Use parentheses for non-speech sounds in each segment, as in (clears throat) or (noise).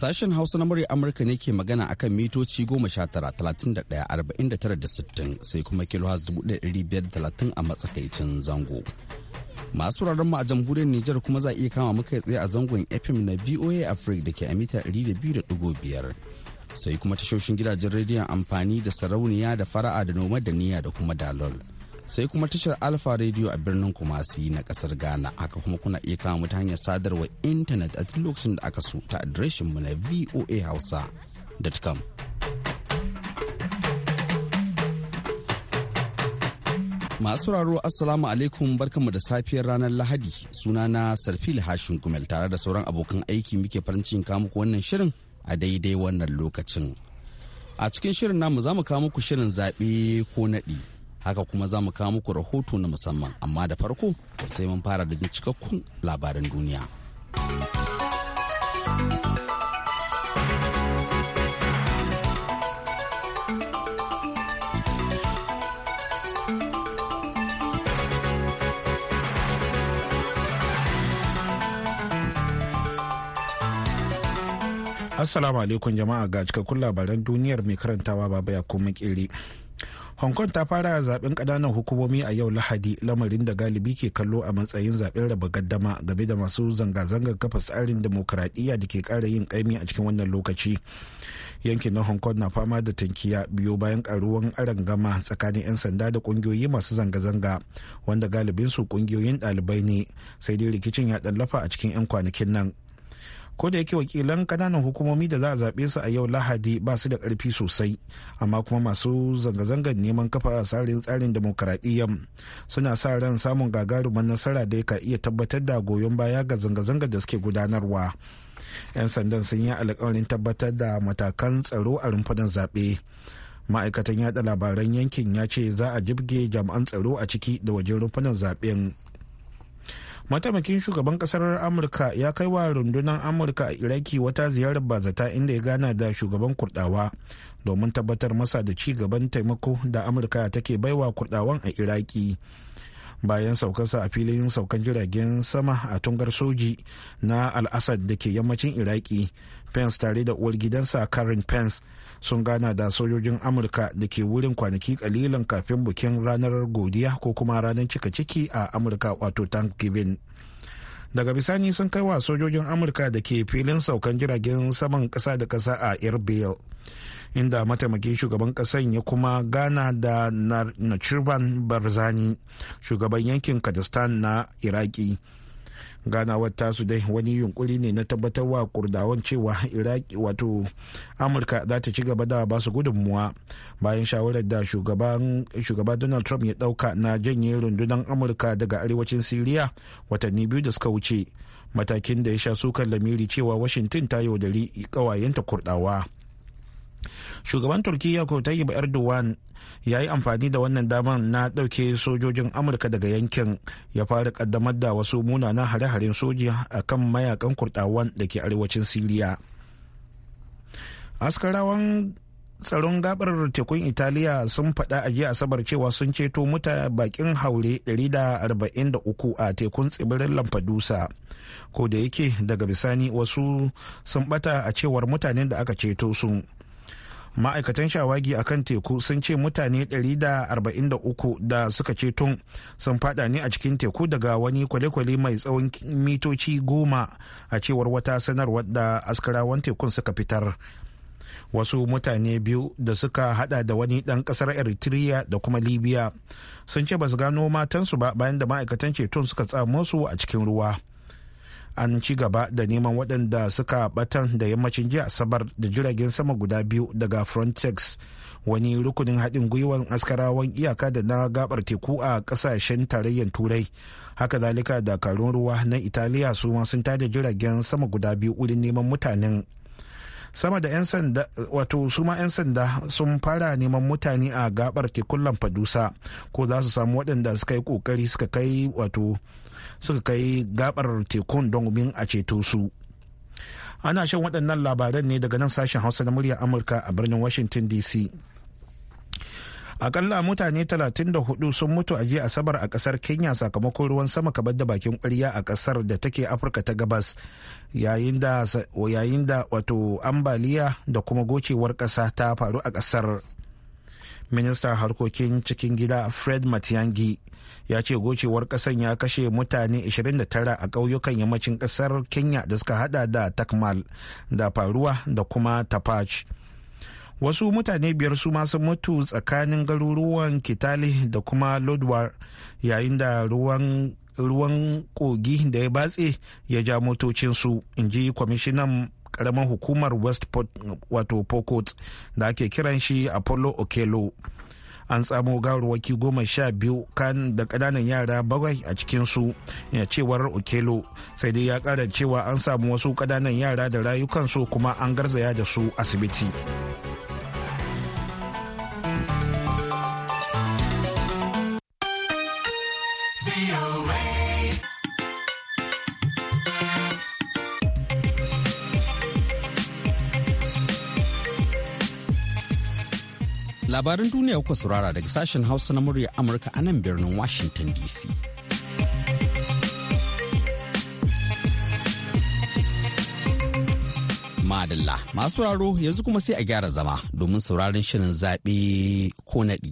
Sashen Hausa na murya Amurka ne ke magana akan mitoci 19,31,49,60 sai kuma da 1,530 a matsakaicin zango. Masu mu a jamhuriyar Nijar kuma za a iya kama muka tsaye a zangon FM na VOA Africa da ke a mita biyar Sai kuma tashoshin gidajen rediyon amfani da sarauniya da fara'a da noma da niyya da kuma dalol. sai kuma tashar alfa radio a birnin kumasi na kasar ghana haka kuma kuna iya kama mutane hanyar sadarwar intanet a duk lokacin da aka so ta adireshin mu na voa hausa.com Masu raro Assalamu alaikum barkanmu da safiyar ranar Lahadi sunana Sarfil Hashin Gumel tare da sauran abokan aiki muke farin cikin kamuku wannan shirin a daidai wannan lokacin. A cikin shirin namu za mu kawo muku shirin zaɓe ko naɗi haka kuma za mu kawo muku rahoto na musamman amma da farko sai mun fara da jin cikakkun labaran duniya Assalamu alaikum jama'a ga cikakkun labaran duniyar mai karantawa baba ya kuma kere. hong kong ta fara zaben ƙananan hukumomi a yau lahadi lamarin da galibi ke kallo a matsayin zaben raba gaddama game da masu zanga-zangar kafa tsarin demokuraɗiyya da ke ƙara yin ƙaimi a cikin wannan lokaci yankin na hong kong na fama da tankiya biyo bayan ƙaruwan gama tsakanin 'yan sanda da ƙungiyoyi masu zanga-zanga wanda galibinsu ƙungiyoyin ɗalibai ne sai dai rikicin ya lafa a cikin 'yan kwanakin nan ko da yake wakilan kananan hukumomi da za a zaɓe su a yau lahadi ba su da ƙarfi sosai amma kuma masu zanga-zangar neman kafa tsarin tsarin demokaradiyyar suna sa ran samun gagarumar nasara da ka iya tabbatar da goyon baya ga zanga-zangar da suke gudanarwa 'yan sandan sun yi alƙawarin tabbatar da matakan tsaro a rumfunan zaɓe ma'aikatan yaɗa labaran yankin ya ce za a jibge jami'an tsaro a ciki da wajen rumfunan zaɓen mataimakin shugaban kasar amurka ya kai wa rundunar amurka a iraki wata ziyarar bazata inda ya gana da shugaban kurdawa domin tabbatar masa da ci gaban taimako da amurka take baiwa kurdawan a iraki bayan saukarsa a filin saukan jiragen sama a tungar soji na al da ke yammacin iraki pence tare da uwar gidansa karen pence sun gana da sojojin amurka da ke wurin kwanaki kalilan kafin bukin ranar godiya ko kuma ranar cika ciki a amurka wato thanksgiving daga bisani sun kai wa sojojin amurka da ke filin saukan jiragen saman kasa da kasa a erbil inda mataimakin shugaban kasan ya kuma gana da nachirvan barzani shugaban yankin kadistan na iraki ganawar tasu dai wani yunkuri ne na tabbatarwa kurdawan cewa iraki wato amurka za ta ci gaba da ba su gudunmuwa bayan shawarar da shugaba donald trump ya dauka na janye rundunar amurka daga arewacin siriya watanni biyu da suka wuce matakin da ya sha sukan lamiri cewa washington ta yaudari kawayenta kurdawa shugaban turkiyya ko tayyip erdogan ya yi amfani da wannan daman na ɗauke sojojin amurka daga yankin ya fara kaddamar da wasu munanan hare-haren soji a kan mayakan kurtawan da ke arewacin siriya askarawan tsaron gabar tekun italiya sun faɗa a jiya asabar cewa sun ceto muta bakin haure 143 a tekun tsibirin lamfadusa ko da yake daga bisani wasu sun bata a cewar mutanen da aka ceto sun ma'aikatan shawagi a kan teku sun ce mutane 143 da suka ce tun sun fada ne a cikin teku daga wani kwale-kwale mai tsawon mitoci goma a cewar wata sanarwar da askarawan tekun suka fitar wasu mutane biyu da suka hada da wani dan kasar eritrea da kuma libya sun ce ba su gano matansu ba bayan da ma'aikatan ceton suka tsamo su a cikin ruwa an ci gaba da neman waɗanda suka batan da yammacin jiya asabar da jiragen sama guda biyu daga frontex wani rukunin haɗin gwiwar askarawan iyaka da na gabar teku a ƙasashen tarayyar turai haka zalika dakarun ruwa na italiya su sun tada jiragen sama guda biyu wurin neman mutanen sama da 'yan sanda wato su ma 'yan sanda sun fara neman mutane a gabar tekun lamfadusa ko za su samu waɗanda suka yi kokari suka kai wato suka kai gabar tekun gumin a ceto su ana shan waɗannan labaran ne daga nan sashen hausa na murya amurka a birnin washington dc akalla mutane 34 sun mutu a jiya asabar a kasar kenya sakamakon ruwan sama kabar da bakin kwarya a kasar da take afirka ta gabas yayin da wato ambaliya da kuma gocewar kasa ta faru a kasar ministan harkokin cikin gida fred matiangi ya ce gocewar kasan ya kashe mutane 29 a ƙauyukan yammacin kasar kenya da suka hada da takmal da faruwa da kuma tapach wasu mutane biyar su masu sun mutu tsakanin garuruwan kitali da kuma lodwar yayin da ruwan ruwan kogi da ya batse ya ja motocinsu in ji kwamishinan karamar hukumar westport wato pokot da ake kiran shi apollo okelo an tsamo gawarwaki goma sha biyu kan da ƙananan yara bawai a cikinsu ya cewar okelo sai dai ya ƙara cewa an samu wasu ƙananan yara da rayukansu kuma an garzaya da su asibiti. labaran duniya kuka saurara daga sashen hausa na murya amurka a nan birnin washington dc madalla masu raro yanzu kuma sai a gyara zama domin sauraron shirin zaɓe ko naɗi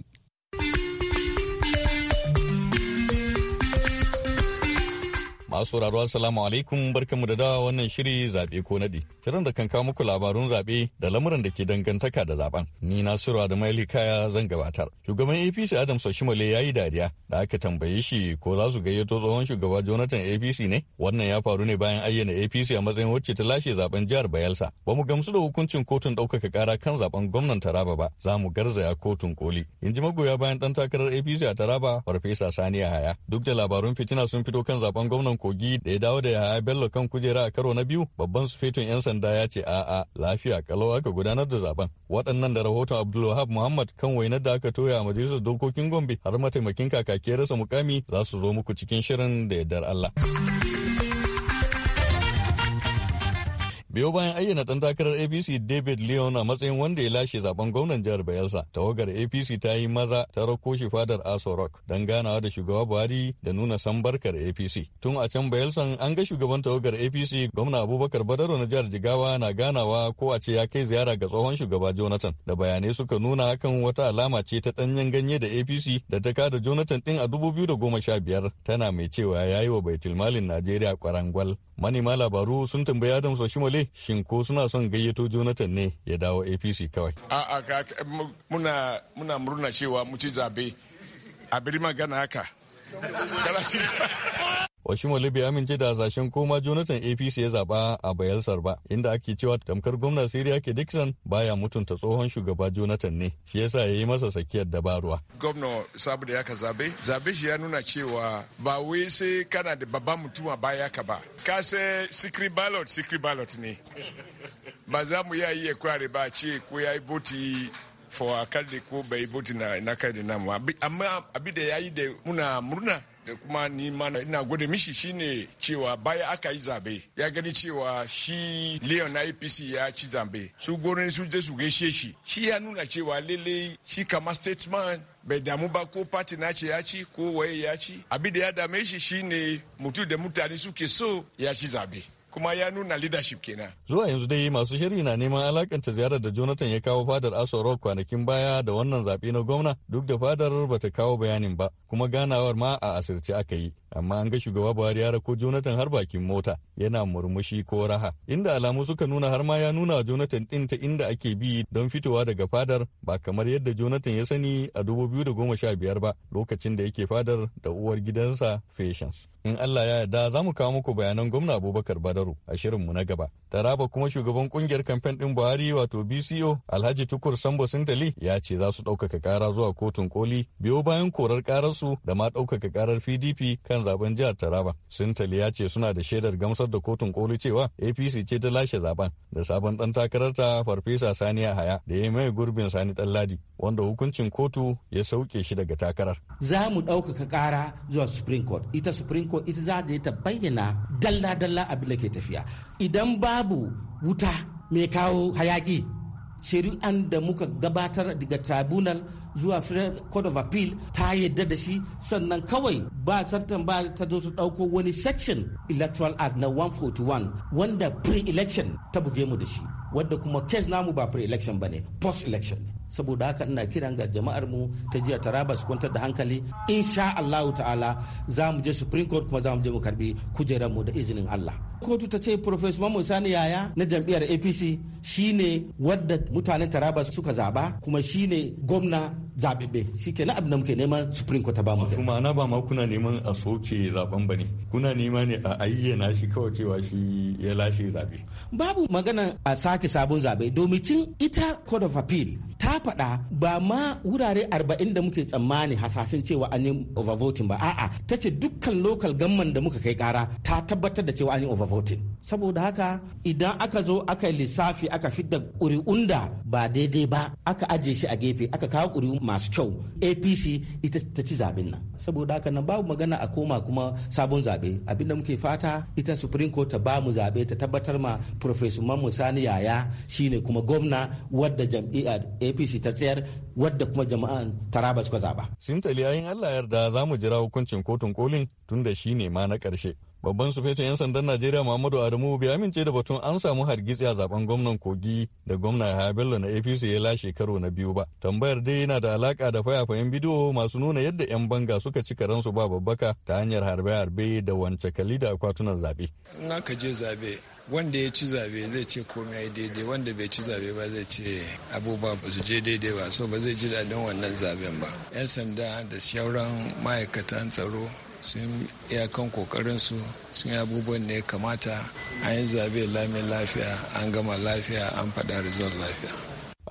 Masu sauraro assalamu alaikum barkamu da dawa wannan shiri zaɓe ko naɗi. Shirin da kan kawo muku labarun zaɓe da lamuran da ke dangantaka da zaɓen Ni Nasiru da Maili Kaya zan gabatar. Shugaban APC Adam Soshimale ya yi dariya da aka tambaye shi ko za su gayyato tsohon shugaba Jonathan APC ne? Wannan ya faru ne bayan ayyana APC a matsayin wacce ta lashe zaɓen jihar Bayelsa. Ba mu gamsu da hukuncin kotun ɗaukaka ƙara kan zaɓen gwamnan Taraba ba. Za mu garzaya kotun koli. In ji magoya bayan ɗan takarar APC a Taraba Farfesa saniya haya Duk da labarun fitina sun fito kan zaben gwamnan kogi da ya dawo da yahaya bello kan kujera a karo na biyu babban su sufetun 'yan sanda ya ce a'a lafiya kalawa aka gudanar da zaben waɗannan da rahoton abdulwahab muhammad kan wainar da aka toya a majalisar dokokin gombe har mataimakin kakaki ya rasa mukami za su zo muku cikin shirin da yardar allah. biyo bayan ayyana dan takarar apc david leon a matsayin wanda ya lashe zaben gwamnan jihar bayelsa tawagar apc ta yi maza ta rako shi fadar aso rock don ganawa da shugaba buhari da nuna sambarkar apc tun a can bayelsa an ga shugaban tawagar apc gwamna abubakar badaro na jihar jigawa na ganawa ko a ce ya kai ziyara ga tsohon shugaba jonathan da bayanai suka nuna hakan wata alama ce ta danyen ganye da apc da ta kada jonathan din a 2015 tana mai cewa ya yi wa baitulmalin najeriya kwarangwal manema labaru sun tambayi adams shimale shin ko suna son gayyato jonathan ne ya dawo apc kawai a a muna muna murna cewa mu zabe a biri magana haka Oshimole bai amince da hasashen koma Jonathan APC ya zaba a bayelsar ba, inda ake cewa tamkar gwamna Siriya ke Dixon baya mutunta tsohon shugaba Jonathan ne, shi yasa ya yi masa sakiyar dabaruwa. Gwamna sabu da yaka zabe, zabe shi ya nuna cewa ba wai sai kana da babban mutum a baya ka ba, ka sai secret ballot secret ballot ne. Ba za mu iya iya kware ba ce ko ya yi voti for a akalli ko bai voti na kai da namu, amma abi da ya yi da muna murna da kuma ni ma ina gode mishi shine cewa baya aka yi zabe ya gani cewa shi leon na ya ci zabe su gorin su je su gaishe shi shi ya nuna cewa lele shi kama statesman bai damu ba ko party na ce ya ci ko waye ya ci abin da ya dame shi shine mutu da mutane suke so ya ci zabe kuma ya nuna leadership kenan. Zuwa yanzu dai masu shiri na neman alakanta ziyarar da Jonathan ya kawo fadar Aso Rock kwanakin baya da wannan zaɓe na gwamna duk da fadar bata kawo bayanin ba kuma ganawar ma a asirce aka yi. amma an ga shugaba buhari ya rako jonathan har bakin mota yana murmushi ko raha inda alamu suka nuna har ma ya nuna wa jonathan din ta inda ake bi don fitowa daga fadar ba kamar yadda jonathan ya sani a dubu biyu da goma sha biyar ba lokacin da yake fadar da uwar gidansa patience in allah ya yarda za mu kawo muku bayanan gwamna abubakar badaru a shirin mu na gaba taraba kuma shugaban kungiyar kamfen din buhari wato bco alhaji tukur sambo sintali ya ce za su ɗaukaka kara zuwa kotun koli biyo bayan korar kararsu da ma ɗaukaka karar pdp kan kan zaben jihar Taraba. sun ya ce suna da shaidar gamsar da kotun koli cewa APC ce ta lashe zaben da sabon dan takararta Farfesa Sani Yahaya da ya mai gurbin Sani Ɗanladi wanda hukuncin kotu ya sauke shi daga takarar. Za mu ɗaukaka ƙara zuwa Supreme Court. Ita Supreme Court ita za ta bayyana dalla-dalla abin da ke tafiya. Idan babu wuta mai kawo hayaki shari'an da muka gabatar daga tribunal zuwa Court of Appeal ta yadda da shi sannan kawai ba santan ba ta zo ta ɗauko wani section electoral act na 141 wanda pre-election ta buge mu da shi wadda kuma case namu ba pre-election ba ne post-election ne saboda haka ina kiran ga jama'ar mu ta jiya taraba su kwantar da hankali insha Allahu ta'ala za mu je supreme court kuma za mu je mu karbi kujerar mu da izinin Allah kotu ta ce professor Mamman Sani Yaya na jam'iyyar APC shine wadda mutanen taraba suka zaba kuma shine gwamna zabebe na abin da muke neman supreme court ta ba mu kai ana ba ma kuna neman a soke zaben ne kuna nema ne a ayyana shi kawai cewa shi ya lashe zabe babu magana a sake sabon zabe domin ita court of appeal ta faɗa ba ma wurare 40 da muke tsammani hasasin cewa an yi overvoting ba a'a ta ce dukkan local gamman da muka kai kara ta tabbatar da cewa an yi overvoting saboda haka idan aka zo aka yi lissafi aka fidda ƙuri'un da ba daidai ba aka ajiye shi a gefe aka kawo ƙuri'un masu kyau apc ita ta ci zaben nan saboda haka nan babu magana a koma kuma sabon zabe abinda muke fata ita supreme court ta bamu zaɓe ta tabbatar ma professor mamu sani yaya shine kuma gwamna wadda jam'iyyar apc ta tsayar wadda kuma jama'an taraba suka zaba. sintali ayin allah yarda za mu jira hukuncin kotun kolin tunda shi ne ma na ƙarshe babban sufetin 'yan sandan najeriya muhammadu adamu bai amince da batun an samu hargitsi a zaben gwamnan kogi da gwamna yahaya bello na apc ya lashe karo na biyu ba tambayar dai yana da alaka da fayafayen bidiyo masu nuna yadda 'yan banga suka ci karansu ba babbaka ta hanyar harbe-harbe da wance kali da akwatunan zabe in aka je zabe wanda ya ci zabe zai ce komai daidai wanda bai ci zabe ba zai ce abubuwa ba su je daidai ba so ba zai ji daɗin wannan zaben ba 'yan sanda da sauran ma'aikatan tsaro sun iyakan su sun yi abubuwan da ya kamata an yi zabe lamin lafiya an gama lafiya an faɗa rizal lafiya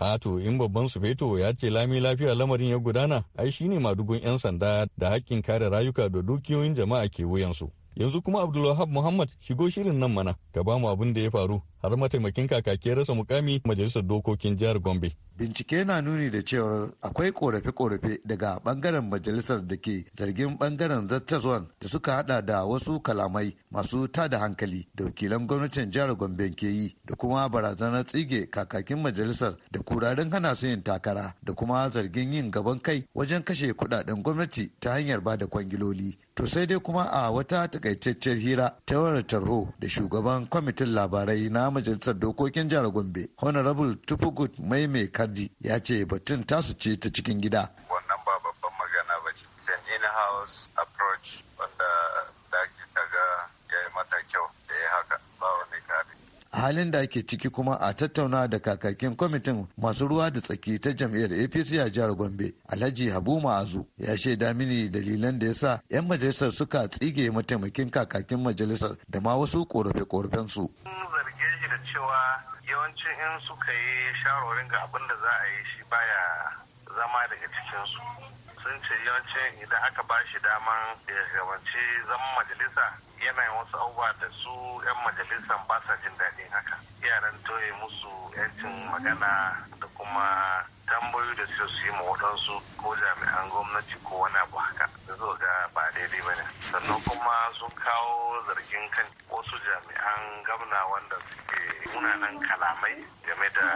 a to in babban su feto ya ce lami lafiya lamarin ya gudana ai shine madugun 'yan sanda da hakkin kare rayuka da dukiyoyin jama'a ke wuyansu yanzu kuma abdulwahab muhammad shigo shirin nan mana ka ba mu abin da ya faru har mataimakin kakake rasa mukami majalisar dokokin jihar gombe bincike na nuni da cewar akwai korafe-korafe daga bangaren majalisar da ke zargin bangaren zattaswan da suka hada da wasu kalamai masu tada hankali da wakilan gwamnatin jihar gombe ke yi da kuma barazanar tsige kakakin majalisar da kuraren hana su yin takara da kuma zargin yin gaban kai wajen kashe kudaden gwamnati ta hanyar ba da kwangiloli To sai dai kuma a wata takaitaccen hira ta wani tarho da shugaban kwamitin labarai na majalisar dokokin jihar Gombe, Honorable Tupugut maimai Kardi ya ce batun tasu ce ta cikin gida. A halin da ake ciki kuma a tattauna da kakakin kwamitin masu ruwa da tsaki ta jam'iyyar apc a jihar gombe alhaji habu ma'azu ya shaida mini dalilan da ya sa 'yan majalisar suka tsige mataimakin kakakin majalisar da ma wasu korafe-korafen su cewa yawancin in suka yi shawarwarin ga abin da za a yi shi baya zama daga cikinsu sun ce yawancin idan aka ba shi daman da ya gabanci zaman majalisa yanayin wasu abubuwa da su 'yan majalisa ba sa jin daɗi haka yaran toye musu yancin magana da kuma tambayoyi da su su yi ma waɗansu ko jami'an gwamnati ko wani abu haka da zo ga ba daidai ba ne sannan kuma sun kawo zargin kan wasu jami'an gamna wanda suke munanan kalamai game da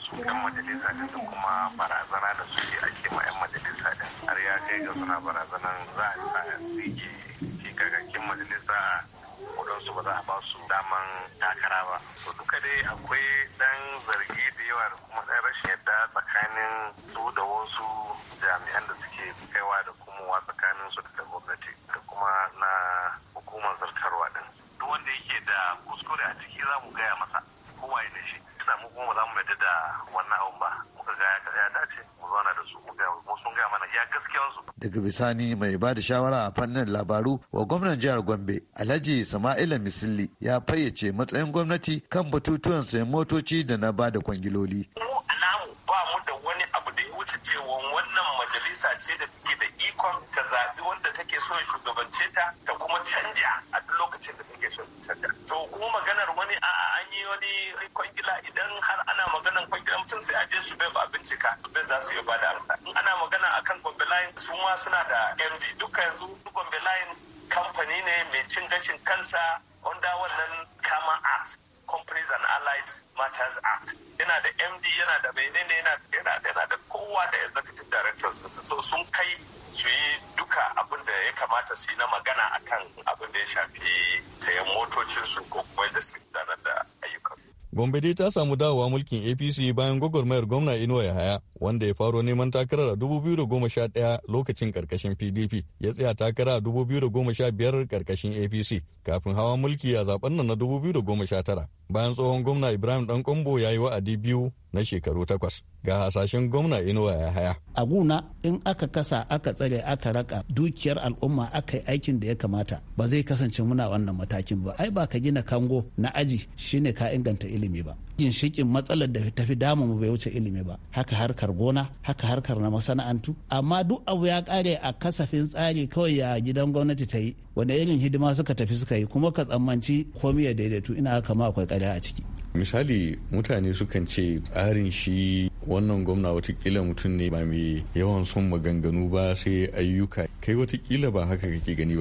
su kan majalisa din da kuma barazana da suke ake ma yan majalisa din har ya kai ga suna barazanan za a sa tsige kakakin majalisa wadansu ba za a ba su daman faɗa ba to duka dai akwai ɗan zargi da yawa da kuma ɗan rashin yadda tsakanin su da wasu jami'an da suke kaiwa da kuma tsakanin su da gwamnati da kuma na hukumar zartarwa din duk wanda yake da kuskure a ciki za mu gaya masa kowa ne shi yasa mu kuma za mu yadda da wannan abun ba muka ga ya dace mu zauna da su mu ga sun gaya mana ya su daga bisani mai ba da shawara a fannin labaru wa gwamnan jihar gombe alhaji sama'ila misili ya fayyace matsayin gwamnati kan batutuwan sayan motoci da na ba da kwangiloli ba mu da wani abu da ya wuce cewa wannan majalisa ce da da ikon ta zaɓi wanda take son shugabance ta ta kuma canja a duk lokacin da take son canja to kuma maganar wani a an yi wani kwangila idan har ana maganar kwangila mutum sai a je su bai ba bincika bai za su ba bada amsa in ana magana akan line su ma suna da md duka yanzu gombe line kamfani ne mai cin gashin kansa wanda wannan kama act companies and allied matters act yana da md yana da menene yana da kowa da executive directors so sun kai su yi duka abin da ya kamata su yi na magana akan abin da ya shafi sayan motocinsu ko kuma da suke gudanar da ayyukan. Gombe dai ta samu dawowa mulkin APC bayan gwagwarmayar gwamna Inuwa haya. wanda ya faro neman takarar a 2011 lokacin karkashin PDP ya tsaya takara a 2015 karkashin APC kafin hawa mulki a zaben nan na 2019 bayan tsohon gwamna Ibrahim Dan Kombo ya yi wa'adi biyu na shekaru takwas ga hasashen gwamna Inuwa ya haya. A guna in aka kasa aka tsare aka raka dukiyar al'umma aka yi aikin da ya kamata ba zai kasance muna wannan matakin ba ai ba ka gina kango na aji shine ka inganta ilimi ba. Ginshikin matsalar da ta tafi damu bai wuce ilimi ba haka harkar gona haka harkar na masana'antu amma duk abu ya kare a kasafin tsari kawai ya gidan gwamnati ta yi wanda irin hidima suka tafi suka yi kuma ka tsammanci komai ya daidaitu ina haka ma akwai kare a ciki misali mutane sukan ce tsarin shi wannan gwamna watakila mutum ne ba mai yawan son maganganu ba sai ayyuka kai watakila ba haka kake gani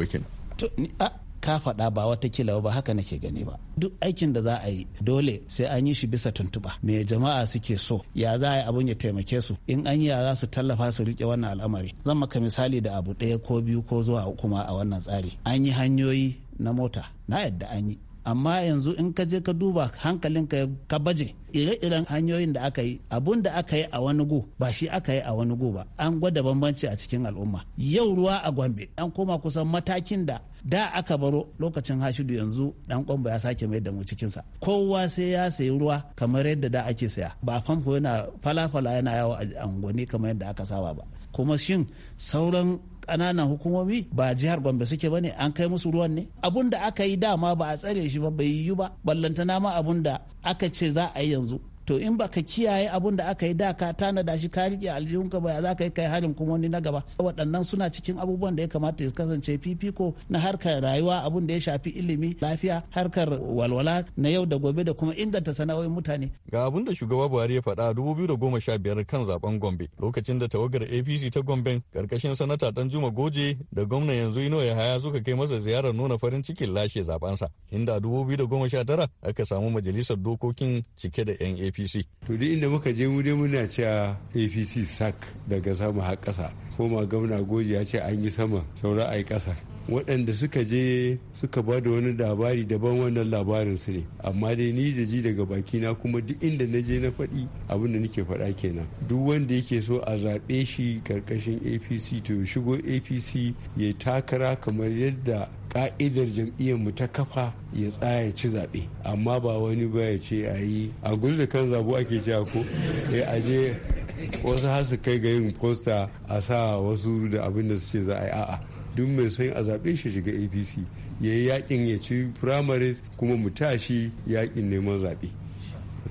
ba ka faɗa ba wata kila ba haka nake gani ba duk aikin da za a yi dole sai an yi shi bisa tuntuɓa me jama'a suke so ya za a yi abun ya taimake su in an yi za su tallafa su riƙe wannan al'amari zan maka misali da abu ɗaya ko biyu ko zuwa kuma a wannan tsari an yi hanyoyi na mota na yadda an yi amma yanzu in ka je ka duba hankalinka ka baje ire-iren hanyoyin da aka yi abun da aka yi a wani go ba shi aka yi a wani go ba an gwada bambanci a cikin al'umma yau ruwa a gombe an koma kusan matakin da da aka baro lokacin hashidu yanzu dan kwamba ya sake mai da mu cikinsa kowa sai ya sayi ruwa kamar yadda da ake saya ba famfo yana falafala yana yawo a angoni kamar yadda aka saba ba kuma shin sauran ƙananan hukumomi ba jihar Gombe suke bane an kai musu ruwan ne abun da aka yi dama ba a tsare shi ba bai yiwu ba ballantana ma abun da aka ce za a yi yanzu to in baka kiyaye abun da aka yi da ka tanada shi ka rike ka ba za ka yi kai harin kuma wani na gaba waɗannan suna cikin abubuwan da ya kamata ya kasance fifiko na harkar rayuwa abun da ya shafi ilimi lafiya harkar walwala na yau da gobe da kuma inganta sana'o'in mutane ga abun da shugaba buhari ya faɗa 2015 kan zaben gombe lokacin da tawagar apc ta gombe karkashin sanata danjuma goje da gwamna yanzu ino ya haya suka kai masa ziyarar nuna farin cikin lashe sa inda 2019 aka samu majalisar dokokin cike da yan apc apc to duk inda muka je mu dai muna cewa apc sac daga sama har ƙasa ma gwamna goji ya ce an yi sama saura ai ƙasa waɗanda suka je suka ba da wani labari daban wannan labarin su ne amma dai ni da ji daga na kuma duk inda na je na faɗi abin da nake faɗa kenan duk wanda yake so a zaɓe shi ƙarƙashin apc to shigo apc ya takara kamar yadda ka'idar jam'iyyar mu ta kafa ya tsaya ci zaɓe amma ba wani ba ya ce a yi a gulda kan zabo ake cewa ko eh, a aje wasu hasu kai ga yin posta a sa wasu da abin da su ce za a yi a'a duk mai son a zaɓe shi shiga apc ya yi yakin ya ci primaries kuma mu tashi yakin neman zaɓe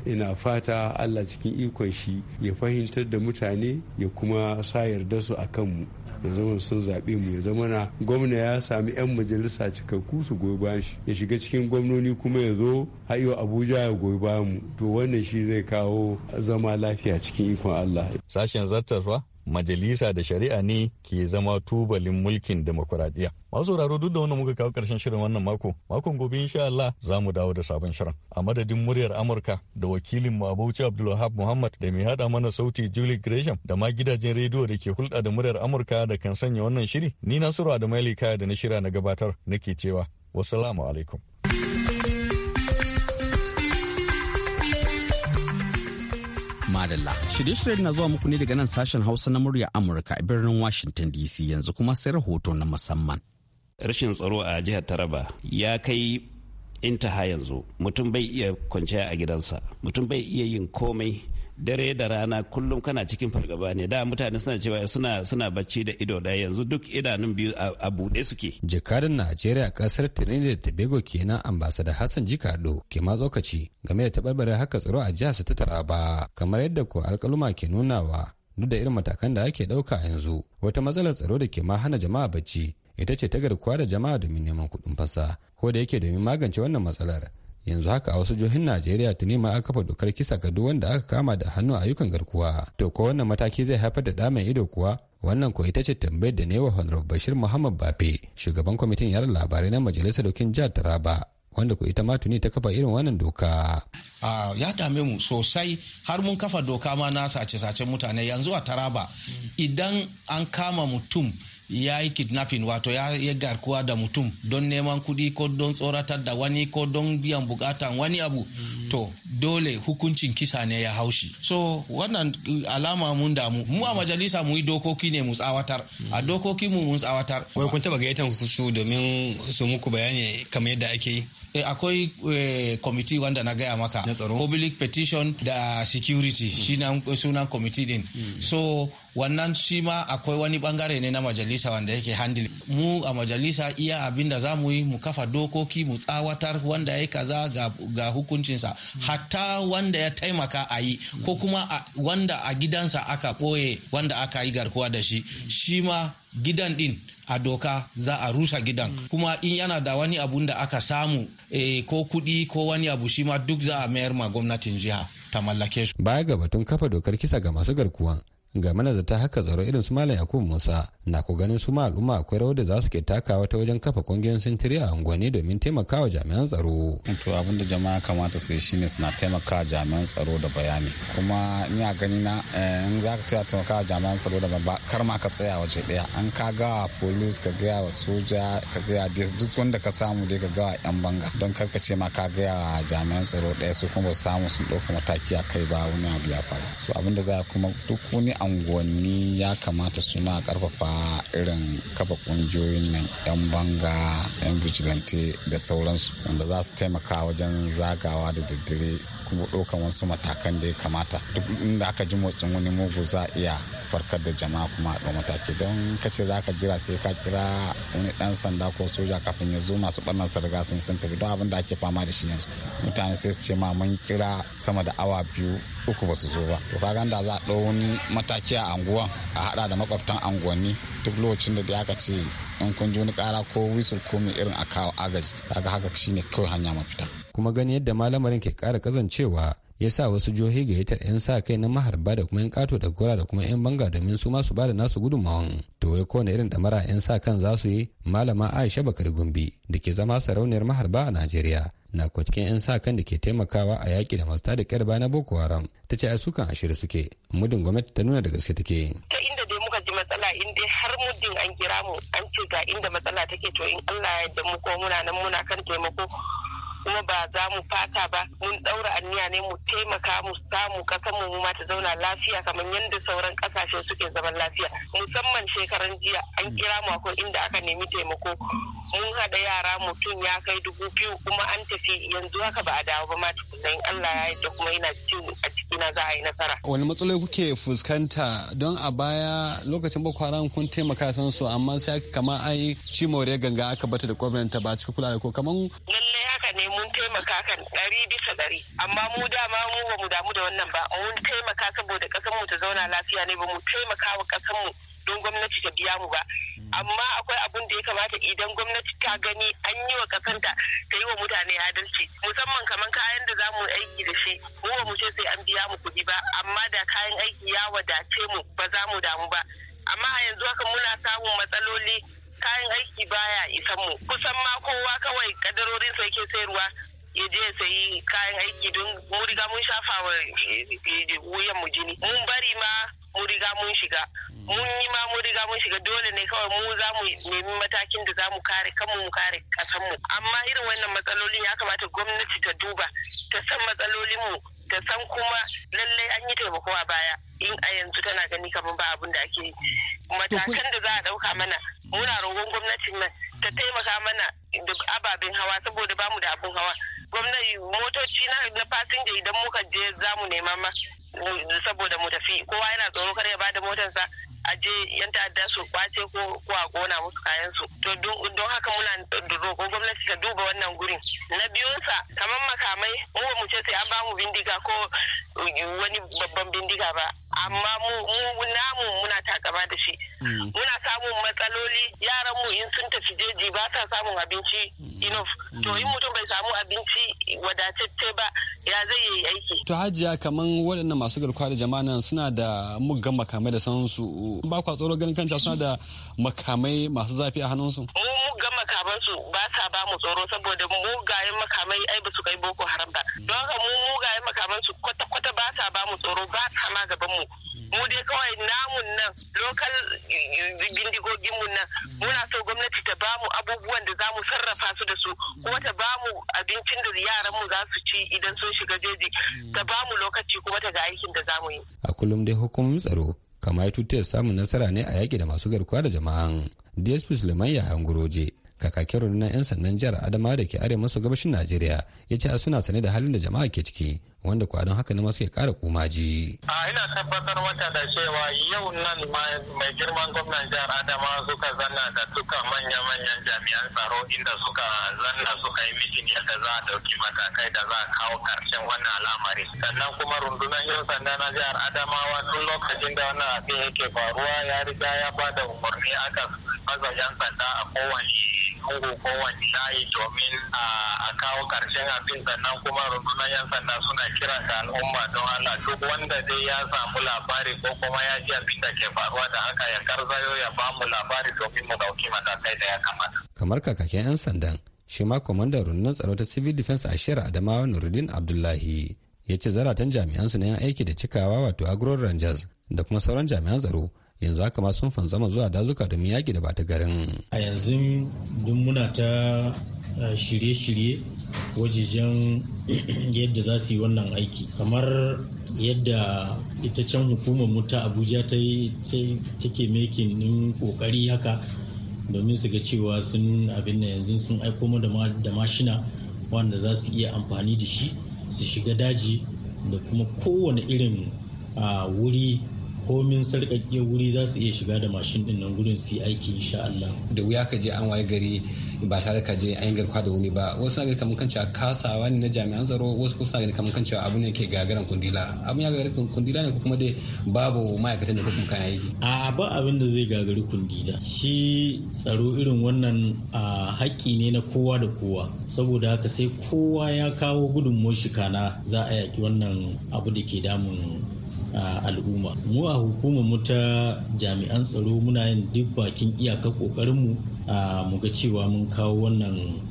ina fata allah cikin ikon shi ya fahimtar da mutane ya kuma sa yarda su a kanmu ya zama sun zaɓe mu ya zama na gwamna ya sami 'yan majalisa cikakku su goyi bayan shi ya shiga cikin gwamnoni kuma ya zo hayo abuja ya goyi bayan mu to wannan shi zai kawo zama lafiya cikin ikon allah sashen zartarwa majalisa da shari'a ne ke zama tubalin mulkin demokuraɗiyya. Masu sauraro duk da wanda muka kawo ƙarshen shirin wannan mako, makon gobe insha Allah za mu dawo da sabon shirin. A madadin muryar Amurka da wakilin mu Abdulwahab Muhammad da mai haɗa mana sauti Julie Gresham da ma gidajen rediyo da ke hulɗa da muryar Amurka da kan sanya wannan shiri, ni Nasiru Adamaili Kaya da na shira na gabatar nake cewa, wassalamu alaikum. Madalla. Shirye-shiryen na zuwa muku ne daga nan sashen Hausa na murya Amurka a birnin Washington DC yanzu kuma sai rahoto na musamman. Rashin tsaro a jihar Taraba ya kai intaha yanzu mutum bai iya kwanciya a gidansa mutum bai iya yin komai dare da rana kullum kana cikin fargaba ne da mutane suna cewa suna suna bacci da ido da yanzu duk idanun biyu a buɗe suke jakadan najeriya kasar trinidad da tobago kenan ambasada hassan jikado ke ma tsokaci game da tabarbare haka tsaro a jihar ta taraba kamar yadda ko alkaluma ke nunawa duk da irin matakan da ake ɗauka yanzu wata matsalar tsaro da ke ma hana jama'a bacci ita ce ta garkuwa da jama'a domin neman kuɗin fasa ko da yake domin magance wannan matsalar yanzu haka a wasu jihohin najeriya tuni ma aka kafa dokar kisa ga duk wanda aka kama da hannu ayyukan garkuwa to ko wannan mataki zai haifar da damen ido kuwa wannan ko ita ce tambayar da newa honorable bashir muhammad bafe shugaban kwamitin yaran labarai na majalisar dokin jihar taraba wanda ko ita ma tuni ta kafa irin wannan doka ya dame mu sosai har mun kafa doka ma na sace-sacen mutane yanzu a taraba hmm. idan an kama mutum ya yi kidnapping wato ya garkuwa da mutum don neman kuɗi ko don tsoratar da wani ko don biyan bukatan wani abu mm. to dole hukuncin kisa ne ya haushi so wannan uh, alama mun damu mu a majalisa mu yi dokoki ne mu tsawatar a mm. dokoki mu mun tsawatar wai kun taba gayyatar su domin su muku bayani kamar yadda ake yi Eh, akwai kwamiti eh, wanda na gaya maka public petition da security hmm. sunan kwamiti din hmm. so wannan shi ma akwai wani bangare ne na majalisa wanda yake handle mu a majalisa iya abin da za mu yi mu kafa dokoki mu tsawatar wanda ya kaza ga, ga hukuncinsa hmm. hatta wanda ya taimaka a yi ko kuma wanda a gidansa aka ɓoye wanda aka yi garkuwa da shi shi ma gidan din a doka za a rusa gidan mm. kuma in yana da wani abun da aka samu e, ko kudi ko wani abu shi ma duk za a mayar ma gwamnatin jiha ta mallake su. Baya ga batun kafa dokar kisa ga masu garkuwa ga ta haka tsaro irin su malam yakub musa na ku ganin su al'umma akwai rawar da za su ke takawa ta wajen kafa kungiyoyin sintiri a unguwanni domin taimakawa jami'an tsaro. to abin da jama'a kamata su yi shine suna taimakawa jami'an tsaro da bayani kuma a gani na eh, in za ka taimakawa jami'an tsaro da ba kar ma ka tsaya waje daya an ka ga police ka gaya wa soja ka gaya duk wanda ka samu dai ka gawa yan banga don kar ka ce ma ka gaya wa jami'an tsaro daya su kuma ba samu sun ɗauka mataki a kai ba wani abu ya faru so abin da za kuma duk wani unguwanni ya kamata su ma karfafa irin kafa kungiyoyin nan yan banga yan vigilante da sauransu wanda za su taimaka wajen zagawa da daddare kuma ɗaukan wasu matakan da ya kamata duk inda aka ji motsin wani mugu za a iya farkar da jama'a kuma a mataki don kace za ka jira sai ka kira wani ɗan sanda ko soja kafin ya zo masu barnan sarga sun sun tafi don abin da ake fama da shi yanzu mutane sai su ce ma mun kira sama da awa biyu uku ba su zo ba to kaga da za a ɗau wani mataki a anguwan a haɗa da makwabtan anguwanni duk lokacin da da aka ce in kun ji wani kara ko wisul ko mai irin a kawo agaji kaga haka shine kawai hanya mafita kuma gani yadda malamarin ke kara kazancewa ya sa wasu jihohi gayyatar 'yan sa kai na maharba da kuma 'yan kato da gora da kuma 'yan banga domin su masu bada nasu gudunmawan to wai kowane irin damara 'yan sa kan za su yi malama aisha bakar gumbi da ke zama sarauniyar maharba a najeriya na cikin 'yan sa kan da ke taimakawa a yaƙi da masu tada karba na boko haram ta ce a sukan ashirin suke mudin gwamnati ta nuna da gaske take ta inda dai ji matsala in dai har muddin an kira mu an ce ga inda matsala take to in allah ya yarda mu ko muna nan muna kan taimako kuma ba za mu fata ba mutane mu taimaka mu samu kasan mu ma ta zauna lafiya kamar yadda sauran kasashe suke zaman lafiya musamman shekaran jiya an kira mu akwai inda aka nemi taimako mun haɗa yara mutum ya kai dubu biyu kuma an tafi yanzu haka ba a dawo ba ma tukunan Allah ya yi kuma ina cikin a ciki na za a yi nasara. Wani matsaloli kuke fuskanta don a baya lokacin Boko Haram kun taimaka san su amma sai kama an yi ci more ganga aka bata da gwamnati ba cika kula da ko kaman. Lallai haka ne mun taimaka kan ɗari bisa ɗari amma mu dama mu ba mu damu da wani wannan ba a wani taimaka saboda kasar mu ta zauna lafiya ne ba mu taimaka wa kasar mu don gwamnati ta biya mu ba amma akwai abun da ya kamata idan gwamnati ta gani an yi wa kasanta ta yi wa mutane adalci musamman kamar kayan da za mu aiki da shi mu mu ce sai an biya mu kuɗi ba amma da kayan aiki ya wadace mu ba za mu damu ba amma a yanzu haka muna samun matsaloli kayan aiki baya isan mu kusan ma kowa kawai sai ke sayarwa ya je sayi kayan aiki don mun riga mun shafa wa eh, wuyan mu jini mun bari ma muriga mun shiga mun yi ma mun mun shiga dole ne kawai mu za mu nemi matakin da za mu kare kanmu mu kare kasan mu. amma irin wannan matsalolin ya kamata gwamnati ta duba ta san mu ta san kuma lallai an yi taimako a baya in a yanzu tana gani kamar ba abin da ake yi matakan da za a ɗauka mana muna rogon gwamnatin nan ta taimaka mana da ababen hawa saboda bamu da abin hawa gwamnati motoci na fasinja idan muka je za mu nema ma saboda mu tafi kowa yana tsoro kar ya bada motarsa a je yan ta'adda su kwace ko a kona musu kayan su to don haka muna roƙo gwamnati ta duba wannan gurin na biyunsa kamar makamai mu mu ce sai an ba mu bindiga ko wani babban bindiga ba amma mu da shi mm. muna samun matsaloli yaran mu in sun tafi jeji ba sa samun abinci mm. enough to mm. in mutum bai samu abinci wadatacce ba ya zai yi aiki to hajiya kaman waɗannan masu garkuwa da jama'a nan suna da muggan makamai da sansu ba kwa tsoro ganin kanta suna da makamai masu zafi a hannunsu mu muggan makaman su ba sa ba mu tsoro saboda mugayen makamai ai ba su kai boko haram ba don haka mu mugayen makaman su kwata-kwata ba sa ba mu tsoro ba sa ma gaban mu mu dai kawai namun nan lokal eh, bindigogin mu nan muna so gwamnati ta bamu abubuwan da za mu sarrafa su da su kuma ta bamu abincin da yaran mu za su ci idan sun shiga jeji ta bamu lokaci kuma ta ga aikin da za mu yi a kullum dai hukumomin tsaro kamar tutiyar samun nasara ne a yaki da masu garkuwa da jama'an dsp suleiman ya hanguroje kakakin rundunar 'yan sandan jihar adama da ke arewa maso gabashin najeriya ya ce suna sane da halin da jama'a ke ciki wanda kwa don haka ne masu kara komaji. a ina tabbatar wata da cewa yau nan mai girman gwamnan jihar adama suka zanna da duka manya-manyan jami'an tsaro inda suka zanna suka yi mitin yadda za a dauki matakai da za a kawo karshen wannan al'amari sannan kuma rundunar yau sanda na jihar adamawa tun lokacin da wannan abin yake faruwa ya riga ya bada da umarni aka maza yan sanda a kowane lungu kowane layi domin a kawo karshen abin sannan kuma rundunar 'yan sanda suna kira ga al'umma don Allah duk wanda dai ya samu labari ko kuma ya ji abin da ke faruwa da haka ya karzayo ya ba mu labari domin mu dauki matakai da ya kamata. Kamar kakakin 'yan sandan shi ma kwamandan rundunar tsaro ta civil defense a shirin adamawa nuruddin abdullahi ya ce zaratan jami'an su na yan aiki da cikawa wato agro rangers da kuma sauran jami'an tsaro yanzu haka ma sun fanzama zuwa dazuka domin yaƙi da bata garin. A yanzu duk muna ta eh, shirye-shirye wajejen (clears throat) yadda za su yi wannan aiki kamar yadda ita can hukumar mu ta abuja ta take mekinin kokari haka domin su ga cewa sun abin da yanzu sun aiko da mashina wanda za su iya amfani da shi su shiga daji da kuma kowane irin ah, wuri komin sarƙaƙƙiyar wuri za su iya shiga da mashin din nan gurin su yi aiki insha Allah. Da wuya ka je an waye gari ba tare ka je an garkwa da wuni ba wasu na gani kamar kan cewa kasawa ne na jami'an tsaro wasu kusa suna kamar kan cewa abu ne ke gagaran kundila abu ya gagari kundila ne kuma dai babu ma'aikatan da ko kuma kayan aiki. A ba abin da zai gagari kundila shi tsaro irin wannan a haƙƙi ne na kowa da kowa saboda haka sai kowa ya kawo gudunmuwar shi kana za a yaƙi wannan abu da ke damun al'umma mu a hukumar mu ta jami'an tsaro muna yin duk bakin iyaka kokarin mu mu ga cewa mun kawo wannan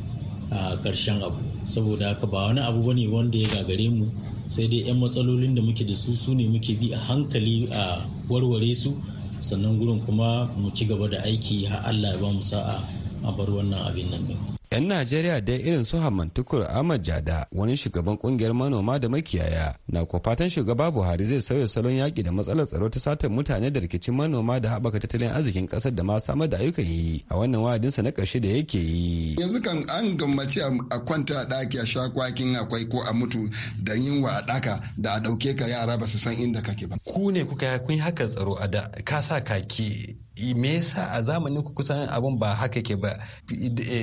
karshen abu saboda haka ba wani abu bane wanda ya gagare mu sai dai 'yan matsalolin da muke da su su ne muke bi a hankali a warware su sannan gurin kuma mu ci gaba da aiki har Allah ya ba mu sa'a a bar wannan abin nan 'yan najeriya dai irin su hamantukur ahmad jada wani shugaban kungiyar manoma da makiyaya na kofatan fatan shugaba buhari zai sauya salon yaki da matsalar tsaro ta satar mutane da rikicin manoma da haɓaka tattalin arzikin ƙasar da ma samar da ayyukan yi a wannan wa'adinsa na ƙarshe da yake yi yanzu kan an gammaci a kwanta a ɗaki a sha akwai ko a mutu da yinwa a ɗaka da a ɗauke ka yara ba su san inda kake ba ku ne kuka kun haka tsaro a da ka sa kaki me yasa a zamanin ku kusan abun ba haka ke ba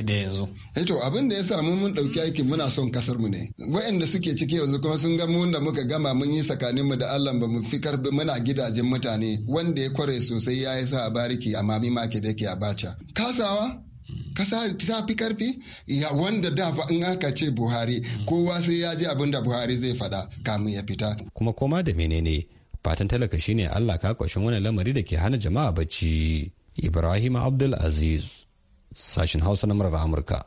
da yanzu Eh to abin da ya samu mun ɗauki aikin muna son kasar mu ne. Waɗanda suke ciki yanzu kuma sun ga mun da muka gama mun yi tsakanin mu da Allah ba mu fi karbi muna gidajen mutane wanda ya kware sosai ya yi sa a bariki a mami make da ke a bacha. Kasawa kasa ta fi karfi ya wanda da in aka ce Buhari kowa sai ya ji abin da Buhari zai faɗa kamun ya fita. Kuma koma da menene fatan talaka shine Allah ka kwashin wani lamari da ke hana jama'a bacci. Ibrahim Abdul Aziz Sashen Hausa na Amurka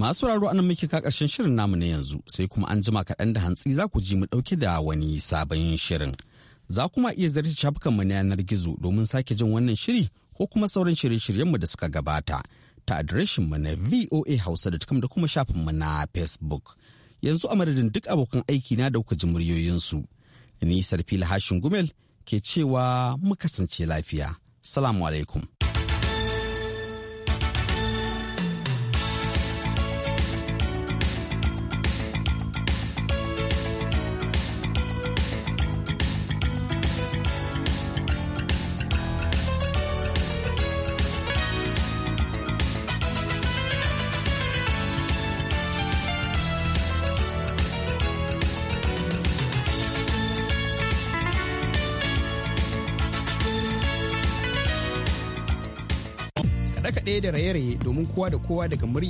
Masu raro anan muke ka karshen shirin namu na yanzu sai kuma an jima kaɗan da hantsi za ku ji mu ɗauke da wani sabon shirin. Za kuma iya zarta shafukanmu na yanar gizo domin sake jin wannan shiri ko kuma sauran shirye-shiryenmu da suka gabata ta mu na voahausa.com da kuma shafin mu na Facebook. Yanzu a madadin duk abokan aiki na da kuka ji muryoyinsu. Ni Sarfila Hashin Gumel ke cewa mu kasance lafiya. Salamu alaikum. kaɗe da raye-raye domin kowa da kowa daga murya